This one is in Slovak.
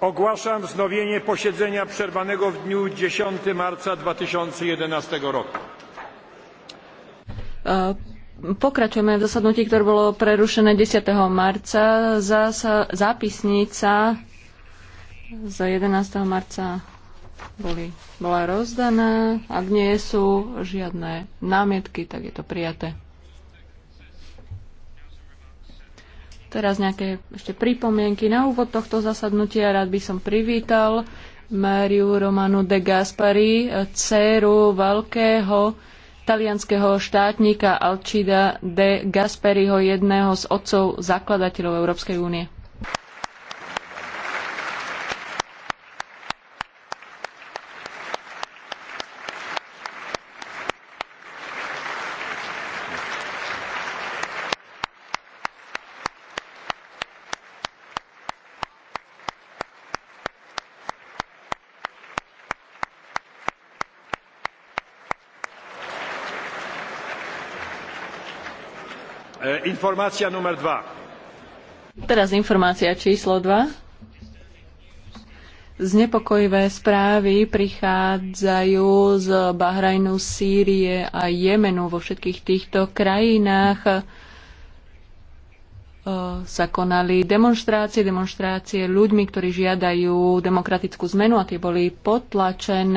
Ogłaszam wznowienie posiedzenia przerwanego w dniu 10 marca 2011 roku. E, pokračujeme v zasadnutí, ktoré bolo prerušené 10. marca. Zasa, zápisnica z 11. marca boli, bola rozdaná. Ak nie sú žiadne námietky, tak je to prijaté. Teraz nejaké ešte pripomienky na úvod tohto zasadnutia. Rád by som privítal Máriu Romanu de Gaspari, dceru veľkého talianského štátnika Alcida de Gasperiho, jedného z otcov zakladateľov Európskej únie. E, informácia numer 2. Teraz informácia číslo 2. Znepokojivé správy prichádzajú z Bahrajnu, Sýrie a Jemenu. Vo všetkých týchto krajinách e, sa konali demonštrácie, demonštrácie ľuďmi, ktorí žiadajú demokratickú zmenu a tie boli potlačené.